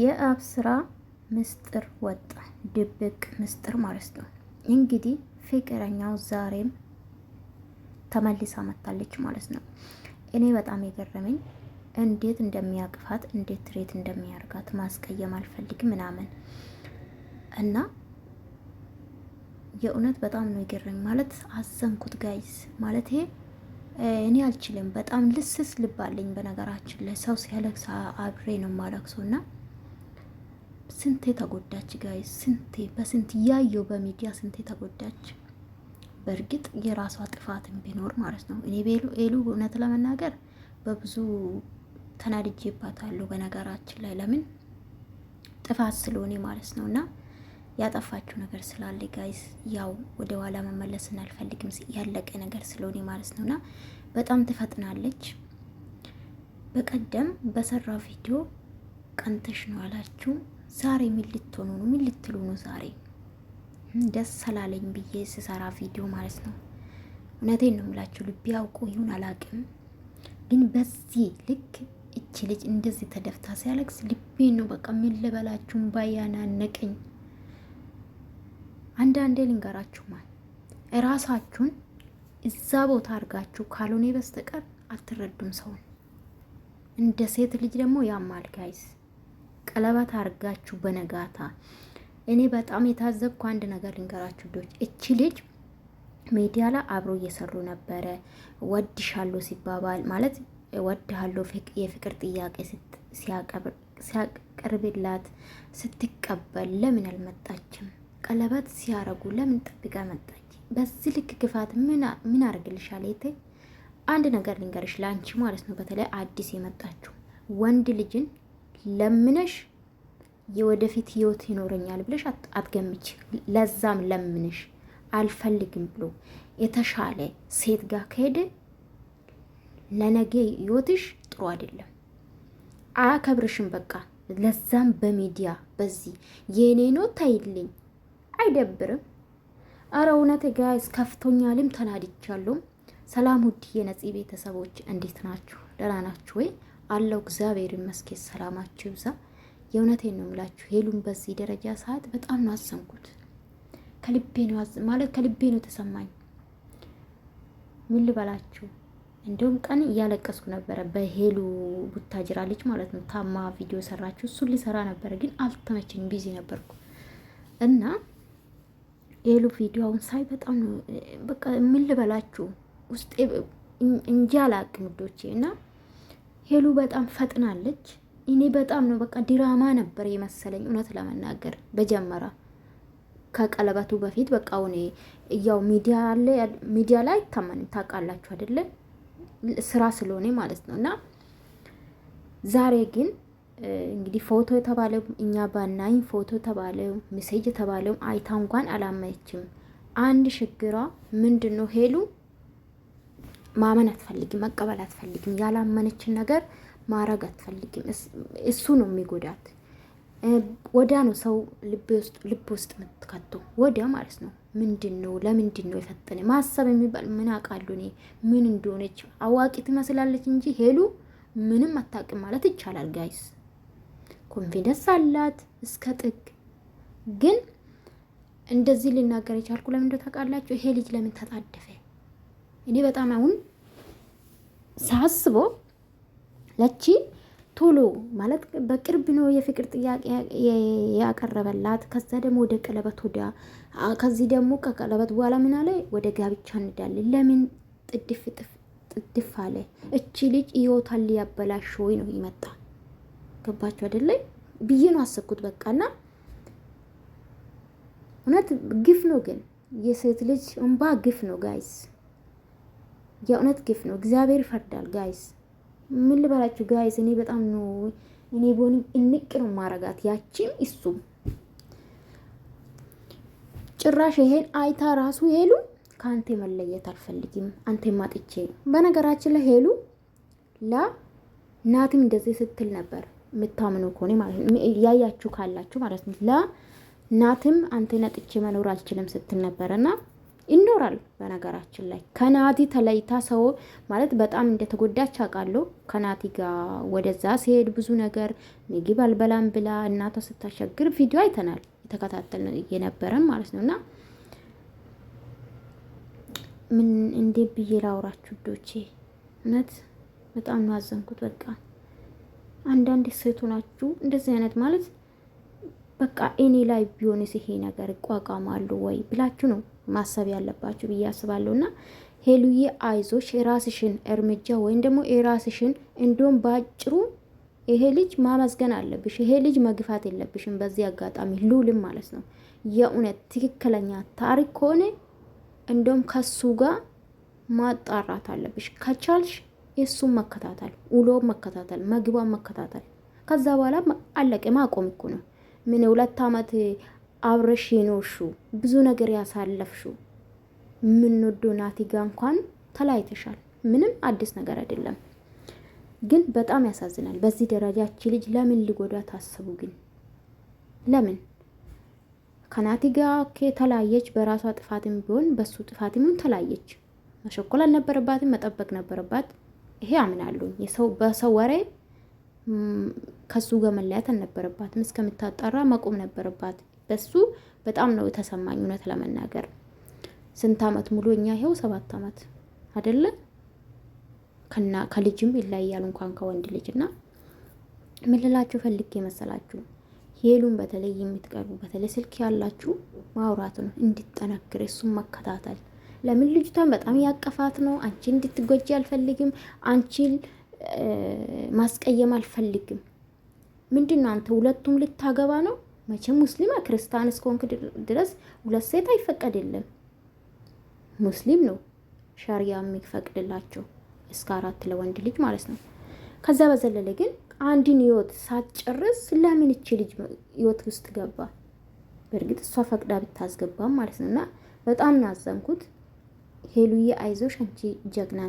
የአብስራ ስራ ምስጢር ወጣ። ድብቅ ምስጢር ማለት ነው። እንግዲህ ፍቅረኛው ዛሬም ተመልሳ መታለች ማለት ነው። እኔ በጣም የገረመኝ እንዴት እንደሚያቅፋት እንዴት ትሬት እንደሚያርጋት ማስቀየም አልፈልግ ምናምን እና የእውነት በጣም ነው የገረመኝ ማለት አዘንኩት። ጋይዝ ማለት ይሄ እኔ አልችልም። በጣም ልስስ ልባለኝ። በነገራችን ላይ ሰው ሲያለቅስ አብሬ ነው ማለቅሰው እና ስንቴ ተጎዳች ጋይ ስንቴ በስንት እያየው በሚዲያ ስንቴ ተጎዳች። በእርግጥ የራሷ ጥፋትን ቢኖር ማለት ነው። እኔ ኤሉ እውነት ለመናገር በብዙ ተናድጄባታለሁ። በነገራችን ላይ ለምን ጥፋት ስለሆነ ማለት ነው እና ያጠፋችው ነገር ስላለ ጋይስ ያው ወደ ኋላ መመለስ አልፈልግም። ያለቀ ነገር ስለሆነ ማለት ነው እና በጣም ትፈጥናለች። በቀደም በሰራ ቪዲዮ ቀንተሽ ነው አላችሁ ዛሬ ምን ልትሆኑ ነው? ምን ልትሉ ነው? ዛሬ ደስ ስላለኝ ብዬ ስሰራ ቪዲዮ ማለት ነው። እውነቴን ነው የምላችሁ። ልቤ ያውቁ ይሁን አላውቅም፣ ግን በዚህ ልክ እቺ ልጅ እንደዚህ ተደፍታ ሲያለቅስ ልቤ ነው በቃ ምን ልበላችሁም ባያናነቀኝ። አንዳንዴ ልንገራችሁ ማለት እራሳችሁን እዛ ቦታ አድርጋችሁ ካልሆነ በስተቀር አትረዱም ሰውን። እንደ ሴት ልጅ ደግሞ ያማል ጋይስ ቀለበት አርጋችሁ በነጋታ እኔ በጣም የታዘብኩ አንድ ነገር ልንገራችሁ ዶች እቺ ልጅ ሚዲያ ላይ አብሮ እየሰሩ ነበረ። ወድሻለሁ ሲባባል ማለት ወድሃለሁ የፍቅር ጥያቄ ሲያቀርብላት ስትቀበል ለምን አልመጣችም? ቀለበት ሲያረጉ ለምን ጠብቃ መጣች? በዚህ ልክ ክፋት ምን አርግልሻል? የተ አንድ ነገር ልንገርሽ ለአንቺ ማለት ነው። በተለይ አዲስ የመጣችሁ ወንድ ልጅን ለምነሽ የወደፊት ህይወት ይኖረኛል ብለሽ አትገምች። ለዛም ለምነሽ አልፈልግም ብሎ የተሻለ ሴት ጋር ከሄደ ለነገ ህይወትሽ ጥሩ አይደለም፣ አያከብርሽም። በቃ ለዛም በሚዲያ በዚህ የእኔ ነው ታይልኝ አይደብርም። አረ እውነት ጋይስ ከፍቶኛልም ተናድቻለሁም። ሰላም ውድ የነፂ ቤተሰቦች እንዴት ናችሁ? ደህና ናችሁ ወይ? አለው። እግዚአብሔር ይመስገን። ሰላማችሁ ይብዛ። የእውነቴን ነው የምላችሁ ሄሉን በዚህ ደረጃ ሰዓት በጣም ነው አዘንኩት። ከልቤ ነው ማለት ከልቤ ነው ተሰማኝ። ምን ልበላችሁ፣ እንዲሁም ቀን እያለቀስኩ ነበረ። በሄሉ ቡታጅራ ልጅ ማለት ነው ታማ ቪዲዮ ሰራችሁ። እሱን ሊሰራ ነበረ ግን አልተመቸኝ፣ ቢዚ ነበርኩ እና ሄሉ ቪዲዮውን ሳይ በጣም ነው በቃ ምን ልበላችሁ ውስጤ እንጂ አላቅም ዶቼ እና ሄሉ በጣም ፈጥናለች። እኔ በጣም ነው በቃ ድራማ ነበር የመሰለኝ እውነት ለመናገር በጀመራ ከቀለበቱ በፊት በቃ ሁኔ ያው ሚዲያ ላይ አይታመንም ታውቃላችሁ አይደለ? ስራ ስለሆነ ማለት ነው። እና ዛሬ ግን እንግዲህ ፎቶ የተባለው እኛ ባናኝ ፎቶ የተባለው ሜሴጅ የተባለው አይታ እንኳን አላመችም። አንድ ችግሯ ምንድን ነው ሄሉ ማመን አትፈልግም፣ መቀበል አትፈልግም። ያላመነችን ነገር ማረግ አትፈልግም። እሱ ነው የሚጎዳት። ወዲያ ነው ሰው ልብ ውስጥ የምትከቶ ወዲያ ማለት ነው። ምንድን ነው ለምንድን ነው የፈጠነ ማሰብ የሚባል ምን አውቃለሁ እኔ ምን እንደሆነች አዋቂ ትመስላለች እንጂ ሄሉ ምንም አታውቅም ማለት ይቻላል። ጋይስ ኮንፊደንስ አላት እስከ ጥግ። ግን እንደዚህ ልናገር የቻልኩ ለምን እንደው ታውቃላችሁ፣ ይሄ ልጅ ለምን ተጣደፈ እኔ በጣም አሁን ሳስቦ ለቺ ቶሎ ማለት በቅርብ ነው የፍቅር ጥያቄ ያቀረበላት። ከዛ ደግሞ ወደ ቀለበት ወደ ከዚህ ደግሞ ከቀለበት በኋላ ምን አለ ወደ ጋብቻ እንዳለን ለምን ጥድፍ ጥድፍ አለ? እቺ ልጅ ህይወቷን ሊያበላሽ ወይ ነው ይመጣ ገባችሁ አይደለም ብዬ ነው አሰብኩት። በቃና እውነት ግፍ ነው ግን የሴት ልጅ እንባ ግፍ ነው ጋይስ። የእውነት ግፍ ነው። እግዚአብሔር ይፈርዳል። ጋይስ ምን ልበላችሁ ጋይስ፣ እኔ በጣም ነው እኔ ቦኒ እንቅ ነው ማረጋት ያቺም እሱም ጭራሽ ይሄን አይታ ራሱ ሄሉ ከአንተ መለየት አልፈልግም፣ አንተ ማጥቼ። በነገራችን ላይ ሄሉ ለናትም እንደዚህ ስትል ነበር የምታምኑ ከሆነ ማለት ነው ያያችሁ ካላችሁ ማለት ነው ለናትም አንተ ነጥቼ መኖር አልችልም ስትል ነበር እና ይኖራል። በነገራችን ላይ ከናቲ ተለይታ ሰው ማለት በጣም እንደተጎዳች አውቃለሁ። ከናቲ ጋር ወደዛ ሲሄድ ብዙ ነገር ምግብ አልበላም ብላ እናቷ ስታሸግር ቪዲዮ አይተናል፣ የተከታተል የነበረን ማለት ነው እና ምን እንዴት ብዬ ላውራችሁ ዶቼ እውነት በጣም ነው ያዘንኩት። በቃ አንዳንድ ሴቱ ናችሁ እንደዚህ አይነት ማለት በቃ እኔ ላይ ቢሆንስ ይሄ ነገር እቋቋማሉ ወይ ብላችሁ ነው ማሰብ ያለባችሁ ብዬ አስባለሁ እና ሄሉዬ አይዞሽ፣ የራስሽን እርምጃ ወይም ደግሞ የራስሽን እንዲሁም በአጭሩ ይሄ ልጅ ማመስገን አለብሽ። ይሄ ልጅ መግፋት የለብሽም። በዚህ አጋጣሚ ሉልም ማለት ነው የእውነት ትክክለኛ ታሪክ ከሆነ እንዲሁም ከሱ ጋር ማጣራት አለብሽ። ከቻልሽ እሱን መከታተል፣ ውሎ መከታተል፣ መግቧን መከታተል ከዛ በኋላ አለቀ። ማቆም እኮ ነው ምን ሁለት ዓመት አብረሽ የኖርሽው ብዙ ነገር ያሳለፍሽው የምንወደው ናቲ ጋ እንኳን ተለያይተሻል። ምንም አዲስ ነገር አይደለም፣ ግን በጣም ያሳዝናል። በዚህ እቺ ልጅ ለምን ሊጎዳ ታሰቡ? ግን ለምን ከናቲ ጋ ኦኬ ተለያየች። በራሷ ጥፋትም ቢሆን በሱ ጥፋትም ቢሆን ተለያየች። መሸኮል አልነበረባትም፣ መጠበቅ ነበረባት። ይሄ አምናለሁ። የሰው በሰው ወሬ ከሱ ጋር መለያየት አልነበረባትም። እስከምታጣራ መቆም ነበረባት። በሱ በጣም ነው የተሰማኝ። እውነት ለመናገር ስንት አመት ሙሉ እኛ ይኸው ሰባት አመት አደለ ከና ከልጅም ይለያል እንኳን ከወንድ ልጅ እና ምልላችሁ ፈልጌ መሰላችሁ ሄሉን በተለይ የምትቀርቡ በተለይ ስልክ ያላችሁ ማውራት ነው እንድትጠነክር እሱም መከታተል ለምን ልጅቷን በጣም ያቀፋት ነው። አንቺ እንድትጎጂ አልፈልግም። አንቺን ማስቀየም አልፈልግም። ምንድን ነው አንተ ሁለቱም ልታገባ ነው መቼም ሙስሊም ክርስቲያን እስከሆንክ ድረስ ሁለት ሴት አይፈቀድልም ሙስሊም ነው ሸሪያ የሚፈቅድላቸው እስከ አራት ለወንድ ልጅ ማለት ነው። ከዛ በዘለለ ግን አንድን ህይወት ሳትጨርስ ለምን እቺ ልጅ ህይወት ውስጥ ገባ? በእርግጥ እሷ ፈቅዳ ብታስገባም ማለት ነው። እና በጣም ነው ሄሉዬ አይዞሽ፣ አንቺ ጀግና